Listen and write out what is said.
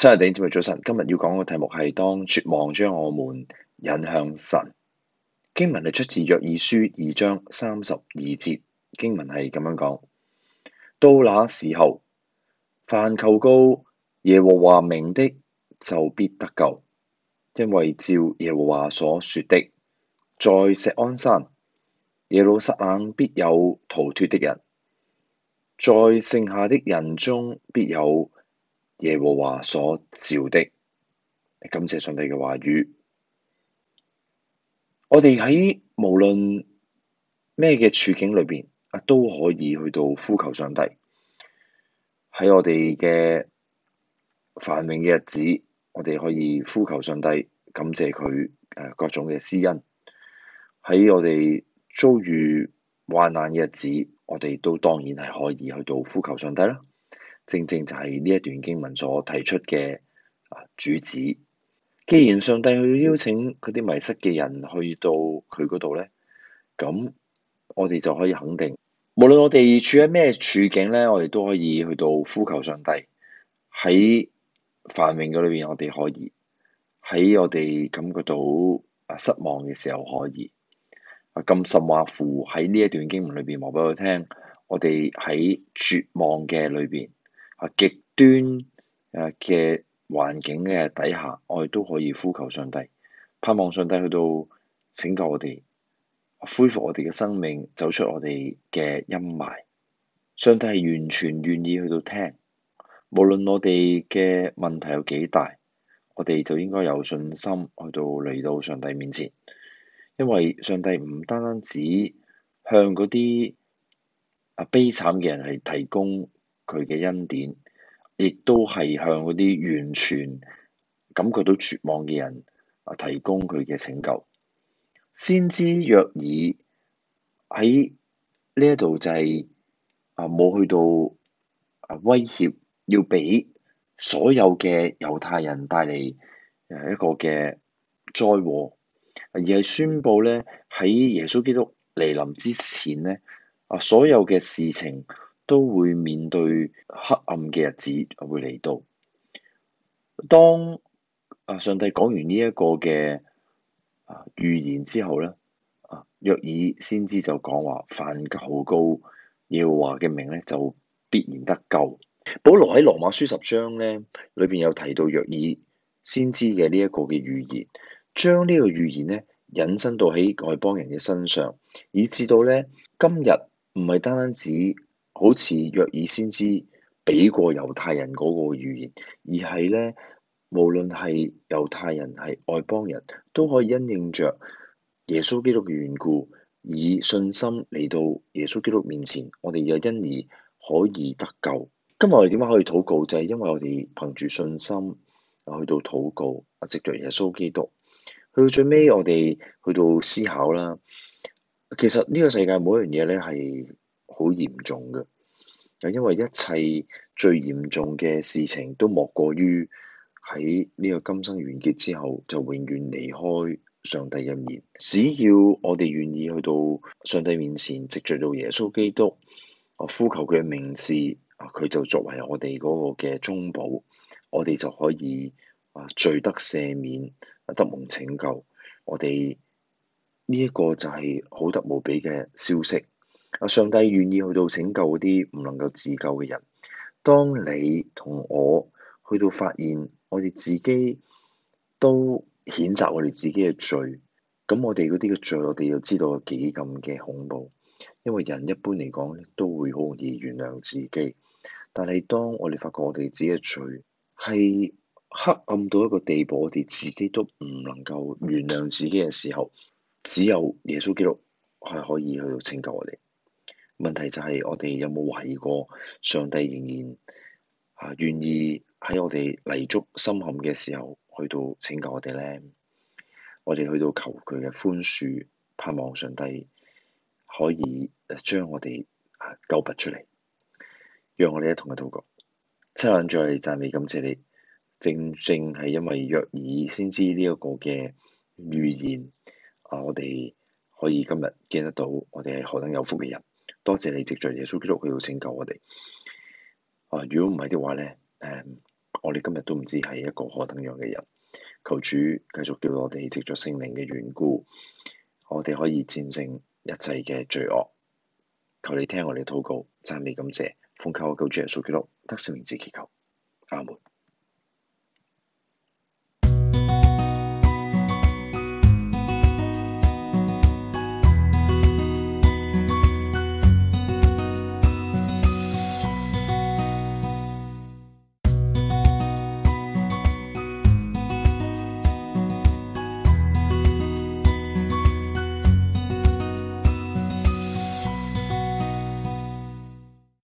真係頂芝麻早晨，今日要講嘅題目係當絕望將我們引向神。經文係出自約珥書二章三十二節，經文係咁樣講：到那時候，凡求告耶和華名的，就必得救，因為照耶和華所說的，在錫安山耶路撒冷必有逃脫的人，在剩下的人中必有耶和華所召的，感謝上帝嘅話語。我哋喺無論咩嘅處境裏邊啊，都可以去到呼求上帝。喺我哋嘅繁榮嘅日子，我哋可以呼求上帝，感謝佢誒各種嘅施恩。喺我哋遭遇患難嘅日子，我哋都當然係可以去到呼求上帝啦。正正就係呢一段經文所提出嘅啊主旨。既然上帝去邀請嗰啲迷失嘅人去到佢嗰度咧，咁我哋就可以肯定，無論我哋處喺咩處境咧，我哋都可以去到呼求上帝。喺繁榮嘅裏邊，我哋可以喺我哋感覺到啊失望嘅時候可以啊，咁甚或乎喺呢一段經文裏邊話俾佢聽，我哋喺絕望嘅裏邊。啊！極端嘅環境嘅底下，我哋都可以呼求上帝，盼望上帝去到拯救我哋，恢復我哋嘅生命，走出我哋嘅陰霾。上帝係完全願意去到聽，無論我哋嘅問題有幾大，我哋就應該有信心去到嚟到上帝面前，因為上帝唔單單止向嗰啲悲慘嘅人係提供，佢嘅恩典，亦都係向嗰啲完全感覺到絕望嘅人啊，提供佢嘅拯救。先知約珥喺呢一度就係、是、啊冇去到啊威脅要俾所有嘅猶太人帶嚟誒一個嘅災禍，而係宣布咧喺耶穌基督嚟臨之前咧啊所有嘅事情。都會面對黑暗嘅日子會嚟到。當啊上帝講完呢一個嘅預言之後咧，約珥先知就講話：凡求告耶和華嘅名咧，就必然得救。保羅喺羅馬書十章咧，裏邊有提到約珥先知嘅呢一個嘅預言，將呢個預言咧引申到喺外邦人嘅身上，以至到咧今日唔係單單止。好似約珥先知俾過猶太人嗰個預言，而係咧，無論係猶太人係外邦人，都可以因應着耶穌基督嘅緣故，以信心嚟到耶穌基督面前，我哋又因而可以得救。今日我哋點解可以禱告，就係、是、因為我哋憑住信心去到禱告啊，藉着耶穌基督去到最尾，我哋去到思考啦。其實呢個世界每一樣嘢咧係～好嚴重嘅，又因為一切最嚴重嘅事情，都莫過於喺呢個今生完結之後，就永遠離開上帝一面。只要我哋願意去到上帝面前，藉著到耶穌基督，我呼求佢嘅名字，啊，佢就作為我哋嗰個嘅中保，我哋就可以啊，罪得赦免，啊，得蒙拯救。我哋呢一個就係好得無比嘅消息。啊！上帝願意去到拯救啲唔能夠自救嘅人。當你同我去到發現，我哋自己都譴責我哋自己嘅罪，咁我哋嗰啲嘅罪，我哋就知道有幾咁嘅恐怖。因為人一般嚟講，都會好容易原諒自己。但係當我哋發覺我哋自己嘅罪係黑暗到一個地步，我哋自己都唔能夠原諒自己嘅時候，只有耶穌基督係可以去到拯救我哋。問題就係我哋有冇懷疑過上帝仍然，啊，願意喺我哋泥足深陷嘅時候去到拯救我哋咧？我哋去到求佢嘅寬恕，盼望上帝可以將我哋救拔出嚟，讓我哋一同嘅禱告。親眼再嚟讚美感謝你，正正係因為約珥先知呢一個嘅預言，啊，我哋可以今日見得到我哋係何等有福嘅人。多謝你藉著耶穌基督佢要拯救我哋。啊，如果唔係嘅話咧，誒、嗯，我哋今日都唔知係一個何等樣嘅人。求主繼續叫我哋藉著聖靈嘅緣故，我哋可以戰勝一切嘅罪惡。求你聽我哋禱告，讚美感謝，奉靠我救主耶穌基督，得勝名字祈求。阿門。